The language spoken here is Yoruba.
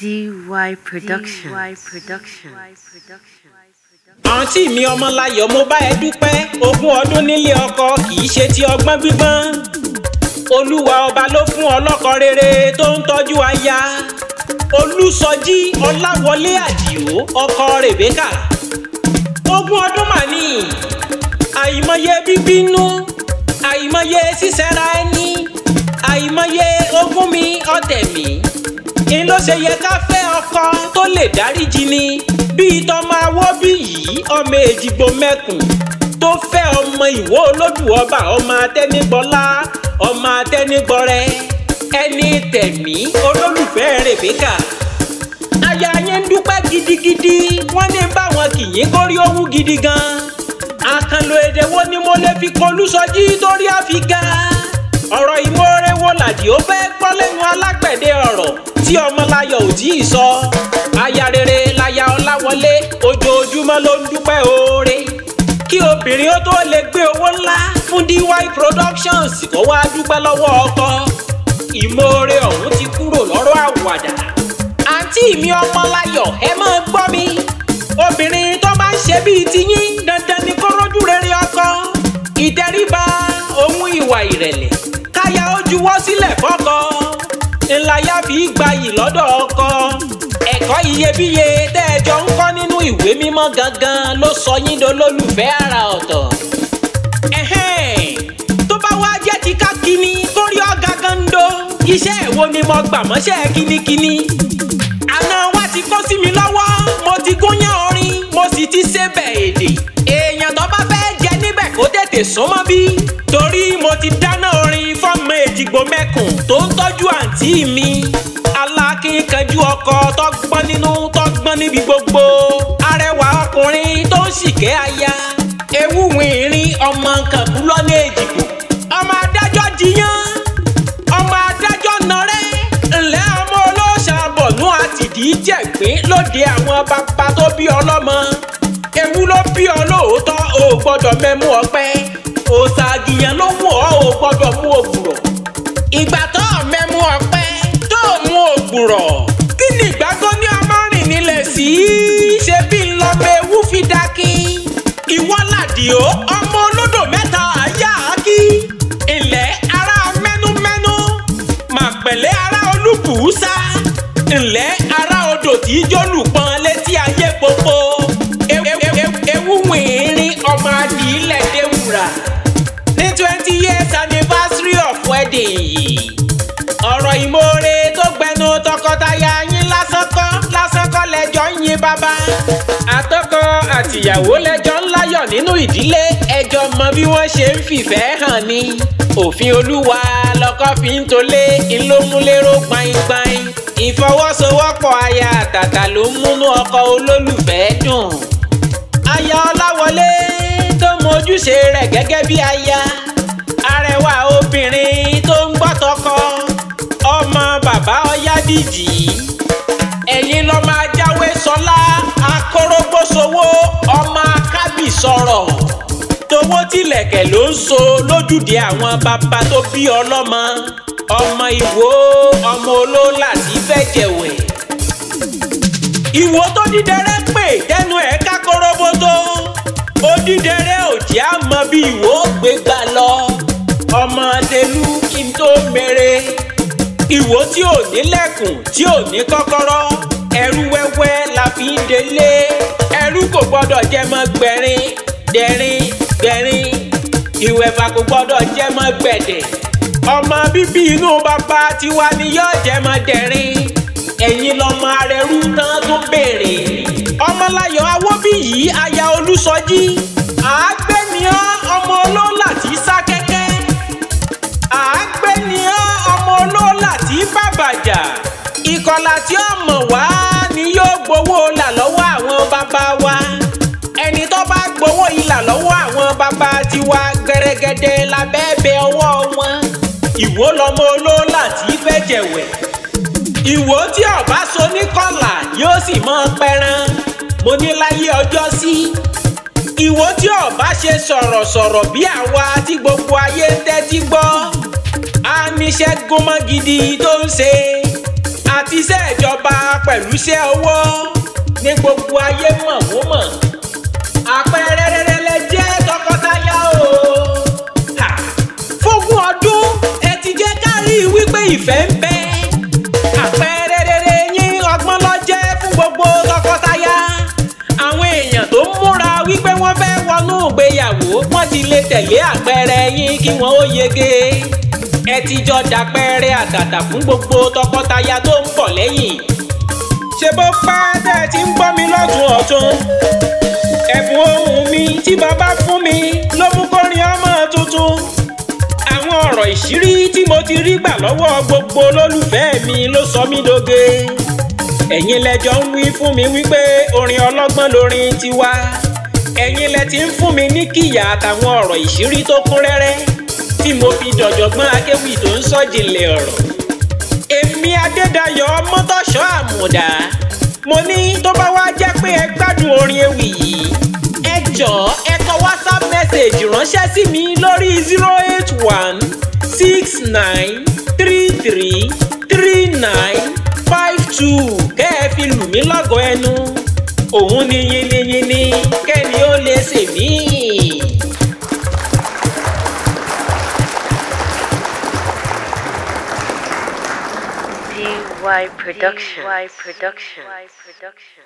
DY Production. DY Production. àǹtí mi ọmọláyọ̀ mo bá ẹ dúpẹ́ ogún ọdún nílé ọkọ kì ṣe ti ọgbọ́n gbígbọ́n olúwa ọba ló fún ọlọ́kọ rere tó ń tọ́jú aya olùsọjí ọláwọlé àdìo ọkọ rèbékà ogún ọdún mà ní àìmọye bíbínú àìmọye sísẹ́ra ẹni àìmọye ogún mi ọ̀tẹ̀ mi ṣe yẹ ká fẹ́ ọkọ tó lè dáríjì ni bíi tọmọ awọ́bí yìí ọmọ èjìgbò mẹ́kùn tó fẹ́ ọmọ ìwọ olódùọba ọmọ atẹ́nigbọ́lá ọmọ atẹ́nigbọ́rẹ́ ẹni tẹ̀mí olólùfẹ́ rèbíkà aya yẹn ń dúpẹ́ gidigidi wọ́n ní báwọn kìyìn kórí owó gidi gan àkànlò èdè wo ni mo lè fi kolú sọjí torí àfi ga ọ̀rọ̀ ìmoore wo làdí ó fẹ́ gbọ́ lẹ́nu alágbẹ̀dẹ ọ̀rọ̀ tí ọmọláyọ̀ ò tí ì sọ aya rere láya ọláwọlé ojoojúmọ́ ló ń dúpẹ́ oore kí obìnrin ó tó lè gbé owó ńlá fún DY Productions kó wá dúpẹ́ lọ́wọ́ ọkọ ìmoore ọ̀hún ti fi gbayì lọ́dọ̀ ọkọ ẹ̀kọ́ iyebíye tẹ́ ẹ jọ ń kọ́ nínú ìwé mímọ́ gangan ló sọ yín dolólùfẹ́ àrà ọ̀tọ̀ tó bá wá jẹ́ ti ká kíní torí ọ̀gá gando iṣẹ́ èwo ni mo gbà mọ́ṣẹ́ kínníkínní àná wa ti kó sí mi lọ́wọ́ mo ti gúnyán orin mo sì ti ṣébẹ̀ èdè èèyàn tó bá fẹ́ jẹ níbẹ̀ kó tètè súnmọ́ bí torí mo ti dáná orin fọ́ọ̀mù èjìgbò mẹ́kùn tó ń tọ́jú àǹtí mi ọkọ tọ́gbọ́n nínú tọ́gbọ́n níbi gbogbo arẹwà ọkùnrin tó ń ṣìkẹ́ aya ewúwìn irin ọmọ kankú lọ́nà èjìgbò ọmọ adájọ́ jiyàn ọmọ adájọ́ nọrẹ́ ńlẹ́ ọmọ olóòṣà bọ̀nú àtìdí jẹ̀gbín lóde àwọn bàbá tó bí ọlọ́mọ ewu ló bí ọ lóòótọ́ o gbọ́dọ̀ mẹ́mú ọpẹ́ òṣàgìyàn ló mú ọ ò gbọ́dọ̀ mú ògùrọ̀ ìgbà tó mẹ́mú ọpẹ́ tó mú ògùrọ̀. àdìo ọmọ olódò mẹ́ta àyà kí ilẹ̀ ara mẹ́numẹ́nu màpẹ̀lẹ́ ara olúbùúsá ilẹ̀ ara odò tí jọ́lù pọn létí ayé gbogbo ewu wìnrin ọmọ adìilẹ̀ wura. ní twenty years anniversary of wedding yìí ọ̀rọ̀ ìmoore tó gbẹnu tọkọtaya. àtọkọ àtìyàwó lẹjọ ńláyọ̀ nínú ìdílé ẹjọ́ mọ bí wọ́n ṣe ń fìfẹ́ hàn ni òfin olúwa lọkọ fi ń tolé ńlọmúlérò gbaingbain ìfọwọ́sowọ́pọ̀ aya àtàtà ló ń múnú ọkọ olólùfẹ́ dùn aya ọláwọlé tó mọ ojúṣe rẹ̀ gẹ́gẹ́ bí aya arẹwà obìnrin tó ń gbọ́tọkọ ọmọ bàbá ọyá dìjì ẹ̀yin lọ́ọ́ máa jáwé sọlá. towó tilẹ̀kẹ̀ ló ń so lójúde àwọn bàbá tó bí ọlọ́mọ ọmọ ìwò ọmọ olólà sí fẹ́jẹ̀wẹ̀. ìwò tó dídẹrẹ pè tẹnu ẹ̀ ká kóróbótó ó dídẹrẹ òjì àmọ́ bí ìwò gbé gbà lọ ọmọ tẹlú kí n tó mèrè ìwò tí ò ní lẹ́kùn tí ò ní kọ́kọ́rọ́ ẹrú wẹ́wẹ́ la fi ń délé ẹrú kò gbọ́dọ̀ jẹ́ mọ́ gbẹ̀rin dẹ̀rin gbẹ̀rin ìwẹ̀fà kò gbọ́dọ̀ jẹ́ mọ́ gbẹ̀dẹ̀ ọmọ bíbí inú bàbá tiwa ni yóò jẹ́ mọ́ dẹ̀rin ẹ̀yin lọ́mọ arẹrú tán tó béèrè ọmọláyọ̀ awóbíyí aya olúsọjí àágbẹ́niọ́ ọmọ olóòlà tí sá kẹ́kẹ́ àágbẹ́niọ́ ọmọ olóòlà tí bàbàjà ìkọlà tí ó mọ̀ wá ni yóò gbowó kẹrẹgẹdẹ labẹ́bẹ ọwọ́ wọn ìwọ lọmọ olóòlà tí fẹ́ jẹ̀wẹ̀ ìwọ tí ọba so ní kọlà yóò sì mọ pẹran mo ní láyé ọjọ́ sí ìwọ tí ọba ṣe sọ̀rọ̀sọ̀rọ̀ bí àwa tí gbogbo ayé ń tẹ́tí gbọ́ a níṣẹ́ gómọ gidi tó ń ṣe àti iṣẹ́ ìjọba pẹ̀lú iṣẹ́ ọwọ́ ní gbogbo ayé mọ̀ wọ́n mọ̀ àpẹẹrẹ rẹ ọdún ẹ ti jẹ́ ká rí wípé ìfẹ́ ń bẹ àpẹẹrẹ rere yín ọgbọ́n ló jẹ́ fún gbogbo tọkọtaya àwọn èèyàn tó ń múra wípé wọ́n fẹ́ wọnú ìgbéyàwó wọ́n ti lè tẹ̀lé àpẹẹrẹ yín kí wọ́n ó yege ẹ ti jọ dàpẹẹrẹ àtàtà fún gbogbo tọkọtaya tó ń bọ̀ lẹ́yìn ṣe bó pẹ́ tẹ́ ẹ ti ń gbọ́ mi lọ́tún ọ̀tún ẹ̀bùn ohun mi tí bàbá fún. ìṣírí tí mo ti rí gbà lọ́wọ́ gbogbo olólùfẹ́ mi ló sọ mí dóge ẹ̀yin lẹ́jọ́ ń wí fún mi wípé orin ọlọ́gbọ́n lorin tiwa ẹ̀yin lẹ ti ń fún mi ní kìyà àtàwọn ọ̀rọ̀ ìṣírí tó kún rẹ́rẹ́ tí mo fi dọ̀jọ̀gbọ́n akéwì tó ń sọ jìnlẹ̀ ọ̀rọ̀ èmi adédayọ̀ mọ́tọ́ṣọ́ àmùdá mo ní tó bá wá jẹ́ pé ẹ gbádùn orin ewì yìí ẹ jọ̀ọ́ ẹ kọ whatsapp message ránṣẹ́ sí mi lórí zero eight one six nine three three three nine five two kẹ́ ẹ fi lù mí lọ́gọ̀ọ́ ẹnu òun ni yínníyínní kẹ́ni ó lè ṣe mí. DY Production. DY Production.